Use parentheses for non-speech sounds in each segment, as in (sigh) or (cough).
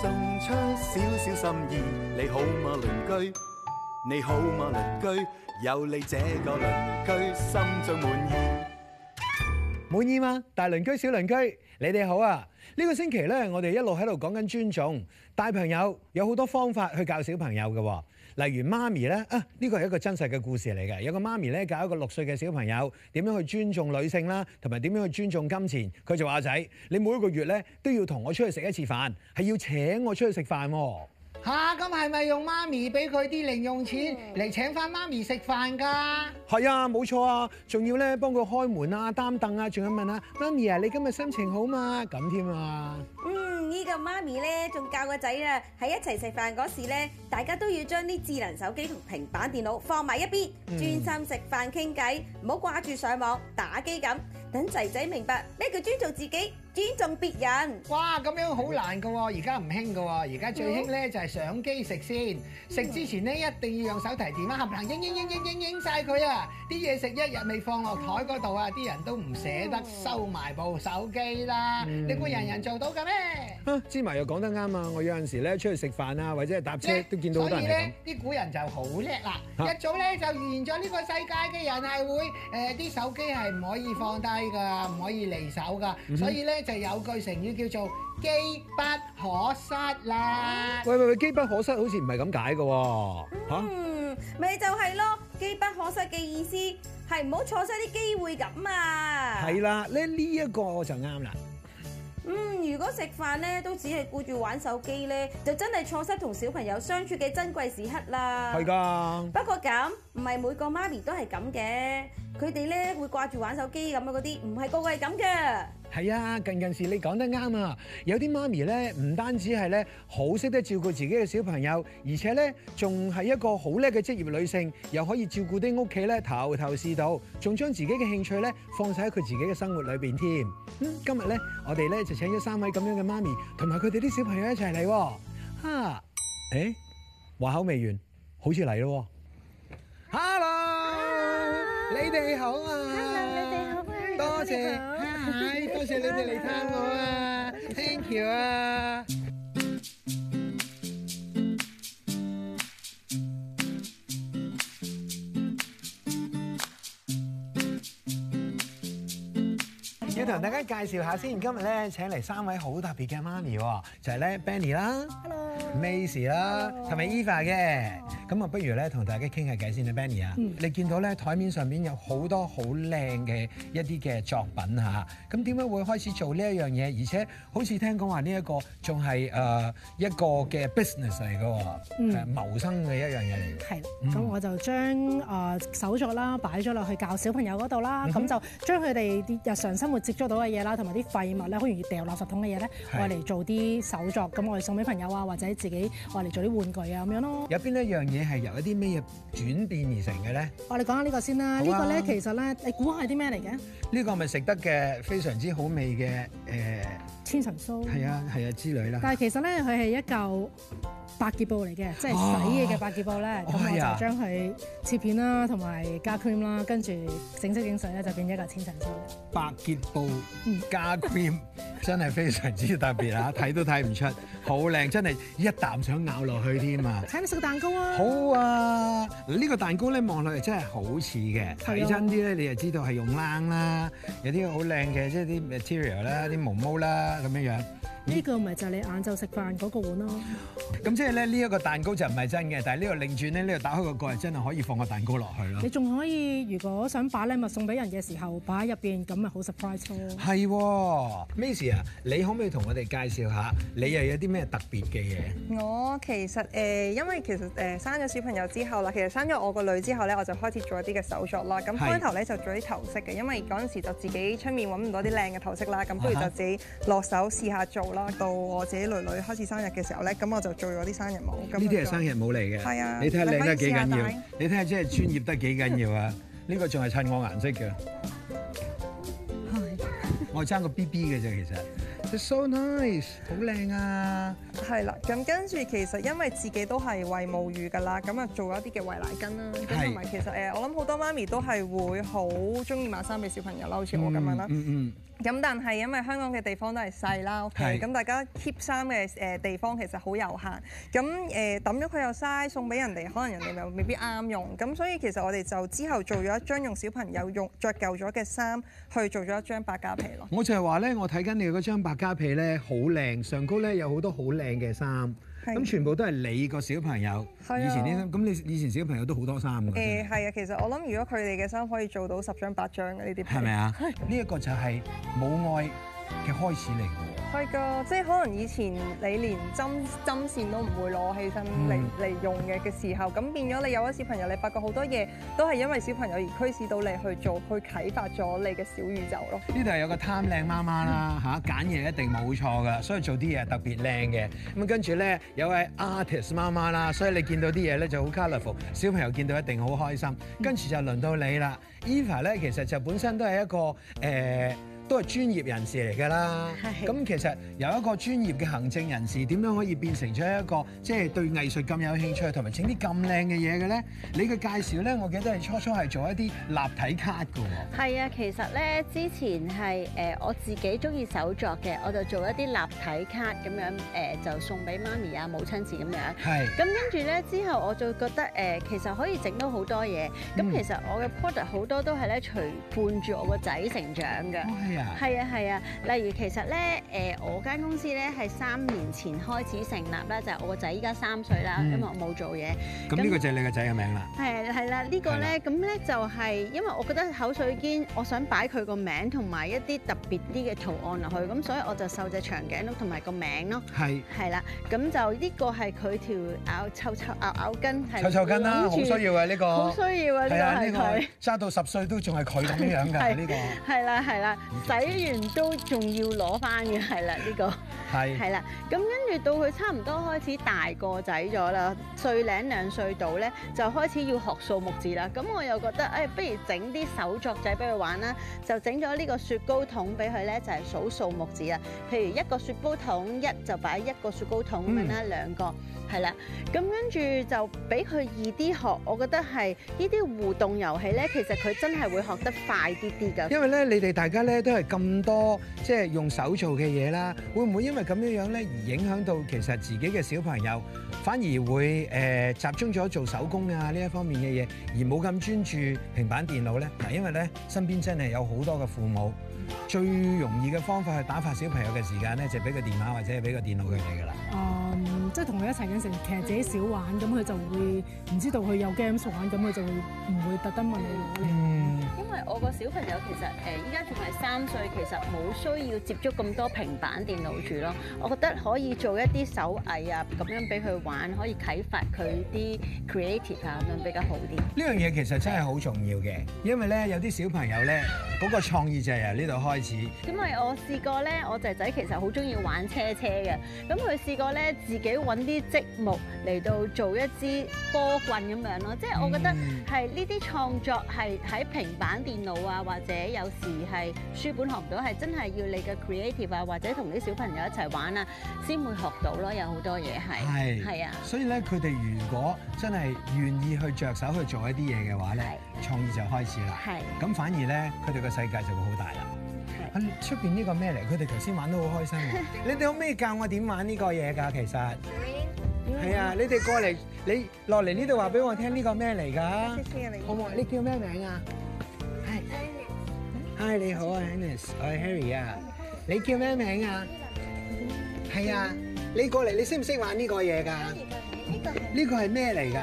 送出少少心意，你好嗎，鄰居？你好嗎，鄰居？有你這個鄰居，心中滿意。滿意嗎？大鄰居，小鄰居。你哋好啊！呢個星期呢，我哋一路喺度講緊尊重。大朋友有好多方法去教小朋友嘅喎，例如媽咪呢，啊，呢個係一個真實嘅故事嚟嘅。有個媽咪呢，教一個六歲嘅小朋友點樣去尊重女性啦，同埋點樣去尊重金錢。佢就話仔，你每一個月呢都要同我出去食一次飯，係要請我出去食飯喎。吓，咁係咪用媽咪俾佢啲零用錢嚟請翻媽咪食飯㗎？係、嗯、啊，冇錯啊，仲要咧幫佢開門啊、擔凳啊，仲要問啊媽咪啊，你今日心情好嘛？咁添啊！嗯，呢、呢個媽咪咧仲教個仔啊喺一齊食飯嗰時咧，大家都要將啲智能手機同平板電腦放埋一邊，嗯、專心食飯傾偈，唔好掛住上網打機咁，等仔仔明白咩叫尊重自己。尊重別人。哇，咁樣好難噶喎，而家唔興噶喎，而家最興咧就係相機食先。食之前咧一定要用手提電話行行影影影影影影曬佢啊！啲嘢食一日未放落台嗰度啊，啲人都唔捨得收埋部手機啦。你估人人做到嘅咩？啊，芝麻又講得啱啊！我有陣時咧出去食飯啊，或者係搭車都見到有人咁。所以咧，啲古人就好叻啦，一早咧就預言咗呢個世界嘅人係會誒啲手機係唔可以放低噶，唔可以離手噶。所以咧。就有句成語叫做機不可失啦。喂喂喂，機不可失好似唔係咁解噶吓，咪就係咯。機不可失嘅意思係唔好錯失啲機會咁啊。係啦，咧呢一個我就啱啦。嗯，如果食飯咧都只係顧住玩手機咧，就真係錯失同小朋友相處嘅珍貴時刻啦。係噶，不過咁唔係每個媽咪都係咁嘅，佢哋咧會掛住玩手機咁啊，嗰啲唔係個個係咁嘅。係啊，近近事你講得啱啊！有啲媽咪咧，唔單止係咧好識得照顧自己嘅小朋友，而且咧仲係一個好叻嘅職業女性，又可以照顧啲屋企咧頭頭是道，仲將自己嘅興趣咧放晒喺佢自己嘅生活裏邊添。嗯，今日咧我哋咧就請咗三位咁樣嘅媽咪，同埋佢哋啲小朋友一齊嚟。吓、啊，誒、哎，話口未完，好似嚟咯。Hello，Hello。你哋好啊！Hello，你哋好啊！多謝。多、哎、謝，謝你哋嚟探我啊 Thank you，Thank you 啊！要同大家介紹下先，今日咧請嚟三位好特別嘅媽咪喎、啊，就係、是、咧 Benny 啦，Hello，Maisie 啦，同埋 Eva 嘅。咁啊，不如咧同大家傾下偈先啦，Benny 啊，Benny，嗯、你見到咧台面上面有好多好靚嘅一啲嘅作品吓，咁點解會開始做呢一樣嘢？而且好似聽講話呢一個仲係誒一個嘅 business 嚟嘅喎，係謀生嘅一樣嘢嚟。係、嗯，咁我就將誒手作啦擺咗落去教小朋友度啦，咁、嗯、哼就將佢哋啲日常生活接觸到嘅嘢啦，同埋啲廢物咧好容易掉垃圾桶嘅嘢咧，我嚟的做啲手作，咁我哋送俾朋友啊，或者自己我嚟做啲玩具啊咁樣咯有。有邊一樣嘢？你係由一啲咩嘢轉變而成嘅咧？我哋講下呢個先啦。啊、個呢個咧其實咧，你估下係啲咩嚟嘅？呢個咪食得嘅，非常之好味嘅誒，呃、千層酥係啊，係啊之類啦。但係其實咧，佢係一嚿百潔布嚟嘅，即係洗嘢嘅百潔布咧，咁、啊、我就將佢切片啦，同埋加 cream 啦，跟住、嗯、整色整水咧，就變咗一個千層酥。百潔布加 cream (laughs) 真係非常之特別啊！睇 (laughs) 都睇唔出，好靚，真係一啖想咬落去添啊！請 (laughs) 你食蛋糕啊！好啊！呢個蛋糕咧，望落嚟真係好似嘅，睇的 (laughs) 真啲咧，你就知道係用冷啦，有啲好靚嘅，即係啲 material 啦，啲毛毛啦，咁樣樣。呢個咪就係你晏晝食飯嗰個碗咯。咁即係咧，呢一個蛋糕就唔係真嘅，但係呢個擰轉咧，呢個打開個蓋真係可以放個蛋糕落去咯。你仲可以，如果想擺禮物送俾人嘅時候，擺喺入邊，咁咪好 surprise 咯。係，Maisie 啊、嗯，係哦，Maisie，你可唔可以同我哋介紹下你又有啲咩特別嘅嘢？我其實誒、呃，因為其實誒、呃、生咗小朋友之後啦，其實生咗我個女之後咧，我就開始做一啲嘅手作啦。咁開頭咧，就做啲頭飾嘅，因為嗰陣時就自己出面揾唔到啲靚嘅頭飾啦，咁不如就自己落手試下做咯。到我自己女女開始生日嘅時候咧，咁我就做咗啲生日帽。咁呢啲係生日帽嚟嘅，係啊，你睇下靚得幾緊要，你睇下真係專業得幾緊要啊！呢 (laughs) 個仲係襯我顏色嘅， (laughs) (laughs) 我係爭個 B B 嘅啫，其實。So nice，好靚 (laughs) 啊！係啦、啊，咁跟住其實因為自己都係餵母乳㗎啦，咁啊做一啲嘅餵奶巾啦，咁同埋其實誒，我諗好多媽咪都係會好中意買衫俾小朋友啦，好似我咁樣啦、嗯。嗯。嗯。咁但係因為香港嘅地方都係細啦，OK，咁是大家 keep 衫嘅誒地方其實好有限，咁誒抌咗佢又嘥，送俾人哋可能人哋又未必啱用，咁所以其實我哋就之後做咗一張用小朋友用著舊咗嘅衫去做咗一張百家被咯。我就係話咧，我睇緊你嗰張百家被咧，好靚，上高咧有好多好靚嘅衫。咁是全部都係你個小朋友，是的 以前啲咁，你以前小朋友都好多衫㗎。誒係啊，其實我諗如果佢哋嘅衫可以做到十張八張嘅呢啲，係咪啊？呢一是的 個就係母愛嘅開始嚟㗎喎，係㗎，即係可能以前你連針針線都唔會攞起身嚟嚟、嗯、用嘅嘅時候，咁變咗你有位小朋友，你發覺好多嘢都係因為小朋友而驅使到你去做，去啟發咗你嘅小宇宙咯。呢度係有個貪靚媽媽啦，嚇揀嘢一定冇錯㗎，所以做啲嘢係特別靚嘅。咁跟住咧有位 artist 媽媽啦，所以你見到啲嘢咧就好 colourful，小朋友見到一定好開心。跟住就輪到你啦、嗯、Eva 咧其實就本身都係一個誒。呃都係專業人士嚟㗎啦。咁其實由一個專業嘅行政人士，點樣可以變成咗一個即係對藝術咁有興趣，同埋整啲咁靚嘅嘢嘅咧？你嘅介紹咧，我記得係初初係做一啲立體卡㗎喎。係啊，其實咧之前係誒我自己鍾意手作嘅，我就做一啲立體卡咁樣誒，就送俾媽咪啊、母親節咁樣。係。咁跟住咧之後，我就覺得誒，其實可以整到好多嘢。咁其實我嘅 product 好多都係咧，隨伴住我個仔成長嘅。哦，係啊。係啊係啊，例如其實咧，誒我間公司咧係三年前開始成立啦，就係我個仔依家三歲啦，因為我冇做嘢。咁呢個就係你個仔嘅名啦。係係啦，呢個咧，咁咧就係因為我覺得口水肩，我想擺佢個名同埋一啲特別啲嘅圖案落去，咁所以我就繡隻長頸鹿同埋個名咯。係。係啦，咁就呢個係佢條咬臭臭咬咬筋。臭臭筋啦，好需要嘅呢個。好需要啊！呢個係佢揸到十歲都仲係佢咁樣樣㗎呢個。係啦係啦。洗完都仲要攞翻嘅，係啦呢個係，係啦是，咁跟住到佢差唔多開始大個仔咗啦，歲零兩歲到咧就開始要學數目字啦。咁我又覺得，誒、哎、不如整啲手作仔俾佢玩啦，就整咗呢個雪糕筒俾佢咧，就係數數目字啊。譬如一個雪糕筒一就擺一個雪糕筒咁樣啦，兩、嗯、個係啦，咁跟住就俾佢易啲學，我覺得係呢啲互動遊戲咧，其實佢真係會學得快啲啲噶。因為咧，你哋大家咧都係。咁多即係用手做嘅嘢啦，會唔會因為咁樣樣咧而影響到其實自己嘅小朋友，反而會誒、呃、集中咗做手工啊呢一方面嘅嘢，而冇咁專注平板電腦咧？嗱，因為咧身邊真係有好多嘅父母。最容易嘅方法去打發小朋友嘅時間咧，就俾、是、個電話或者係俾個電腦佢哋㗎啦。嗯，即係同佢一齊緊時，其實自己少玩，咁佢、嗯、就會唔知道佢有 games 玩，咁佢就會唔會特登問你。嗯。因為我個小朋友其實誒依家仲係三歲，其實冇需要接觸咁多平板電腦住咯。我覺得可以做一啲手藝啊，咁樣俾佢玩，可以啟發佢啲 creative 啊，咁樣比較好啲。呢樣嘢其實真係好重要嘅，因為咧有啲小朋友咧嗰、那個創意就係由呢度開。因為我試過咧，我仔仔其實好中意玩車車嘅。咁佢試過咧，自己揾啲積木嚟到做一支波棍咁樣咯。即係我覺得係呢啲創作係喺平板電腦啊，或者有時係書本學唔到，係真係要你嘅 creative 啊，或者同啲小朋友一齊玩啊，先會學到咯。有好多嘢係係啊。所以咧，佢哋如果真係願意去着手去做一啲嘢嘅話咧，是創意就開始啦。係是。咁反而咧，佢哋個世界就會好大啦。出邊呢個咩嚟？佢哋頭先玩得好開心。你哋可唔可以教我點玩呢個嘢噶？其實係啊，你哋過嚟，你落嚟呢度話俾我聽，呢個咩嚟噶？好唔好？你叫咩名啊？係。Hi，你好啊，Hannes。我係 Harry 啊。你叫咩名啊？係啊，你過嚟，你識唔識玩呢個嘢噶？呢個係咩嚟㗎？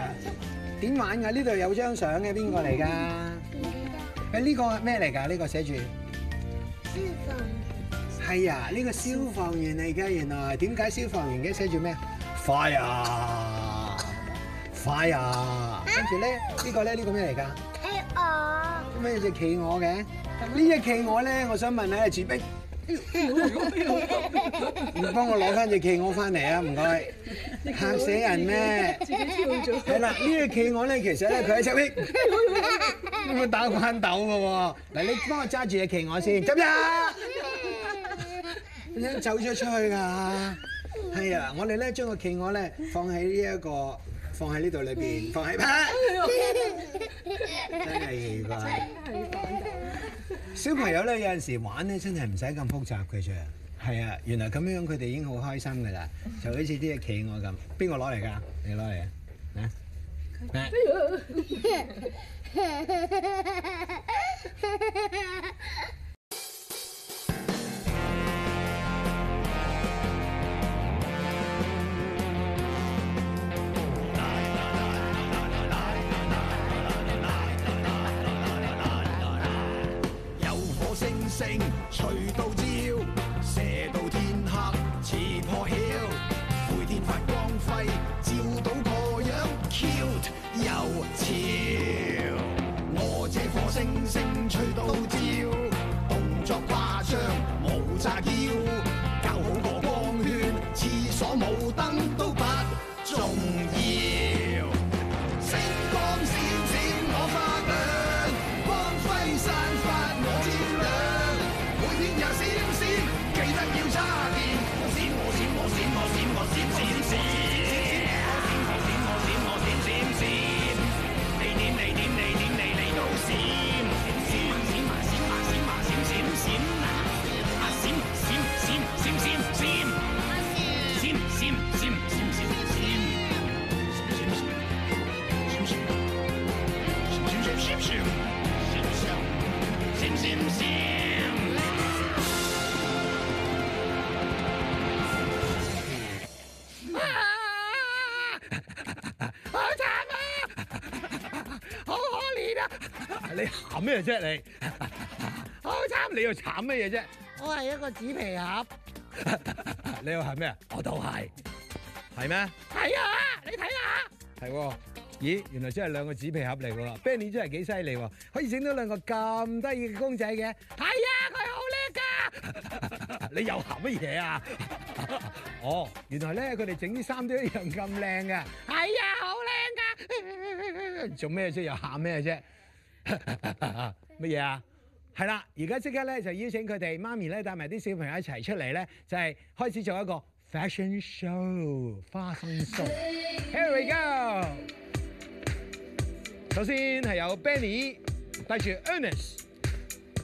點玩㗎？呢度有張相嘅，邊個嚟㗎？誒呢個咩嚟㗎？呢個寫住。係啊，呢個消防員嚟噶，原來點解消防員嘅寫住咩啊？Fire，fire，跟住咧呢個咧呢個咩嚟噶？企鵝，咁咩有隻企鵝嘅？呢隻企鵝咧，我想問下士兵。唔幫我攞翻隻企鵝翻嚟啊！唔該，嚇死人咩？係啦，呢隻企鵝咧，其實咧，佢喺側邊，佢打關鬥嘅喎。嗱，你幫我揸住隻企鵝先，走咗出去！你想走咗出去㗎？係啊，我哋咧將個企鵝咧放喺呢一個，放喺呢度裏邊，放喺邊？真係奇怪。小朋友咧有陣時玩咧真係唔使咁複雜嘅啫，係啊，原來咁樣佢哋已經好開心嘅啦，就好似啲嘢企鵝咁，邊個攞嚟㗎？你攞嚟，嗱、啊，嗱、啊。 (laughs) 你喊咩啫？你好慘，你又慘乜嘢啫？我係一個紙皮盒， (laughs) 你又係咩啊？我都係，係咩 (laughs) 嗎？係啊，你睇下，係、啊、咦？原來真係兩個紙皮盒嚟噶，Benny 真係幾犀利，可以整到兩個咁得意嘅公仔嘅。係啊、 (laughs) 哎，佢好叻噶。 (laughs) 你又喊乜嘢啊？ (laughs) 哦，原來咧佢哋整啲衫都一樣咁靚嘅。係 (laughs) 啊、 (laughs) 哎，好靚噶。 (laughs) 做咩啫？又喊咩啫？乜嘢 (laughs) 啊？係啦，而家即刻咧就邀請佢哋媽咪咧帶埋啲小朋友一齊出嚟咧，就係、是、開始做一個 fashion show，花式 show。Here we go！首先係有 Benny，帶住 Ernest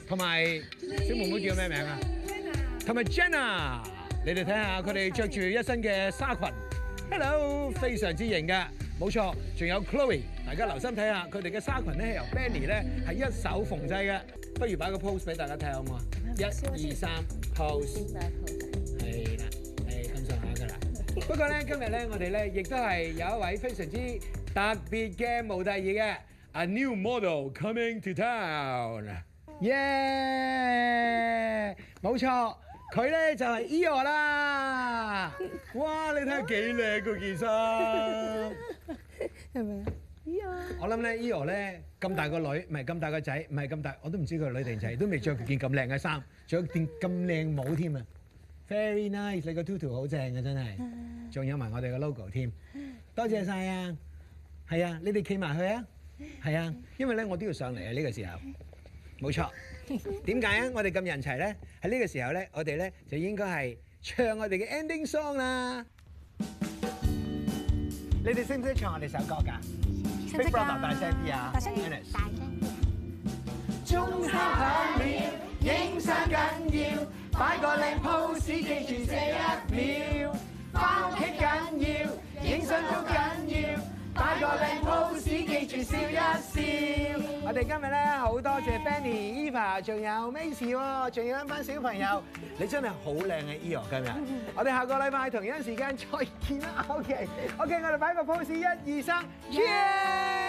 同埋小妹妹叫咩名啊？同埋 Jenna，你哋睇下佢哋着住一身嘅紗裙，Hello，Okay. 非常之型噶。冇錯，仲有 Chloe，大家留心睇下，佢哋嘅紗裙咧係由 Benny 咧係一手縫製嘅，不如擺個 pose 俾大家睇好唔好啊？一、二、三，pose，係啦，係咁上下噶啦。不過咧，今日咧我哋咧亦都係有一位非常之特別嘅模特兒嘅，A new model coming to town，耶！冇錯。佢咧就係 Eeyore 啦，哇！你睇下幾靚佢件衫，係咪啊？Eeyore，我諗咧 Eeyore 咧咁大個女，唔係咁大個仔，唔係咁大，我都唔知佢係女定仔，都未著件咁靚嘅衫，著件咁靚帽添啊！Very nice，你個 Tutu 好正啊真係，仲有埋我哋嘅 logo 添，多謝晒啊！係啊，你哋企埋去啊！係啊，因為咧我都要上嚟啊呢個時候，冇錯。點解啊？我哋咁人齊咧，喺呢個時候咧，我哋咧就應該係唱我哋嘅 ending song 啦。你哋識唔識唱我哋首歌㗎？Big Brother 大聲啲啊！大聲啲！大聲啲！鐘聲響了影相緊要，擺個靚 pose 記住這一秒，返屋企緊要，影相都緊要。擺個靚 pose，記住笑一笑。我哋今日咧好多謝 Fanny、Eva，仲有 Macy 喎，仲有一班小朋友。你真係好靚嘅 Eva，今日。我哋下個禮拜同一時間再見啦，OK？OK，我哋擺個 pose，一二三，Cheers！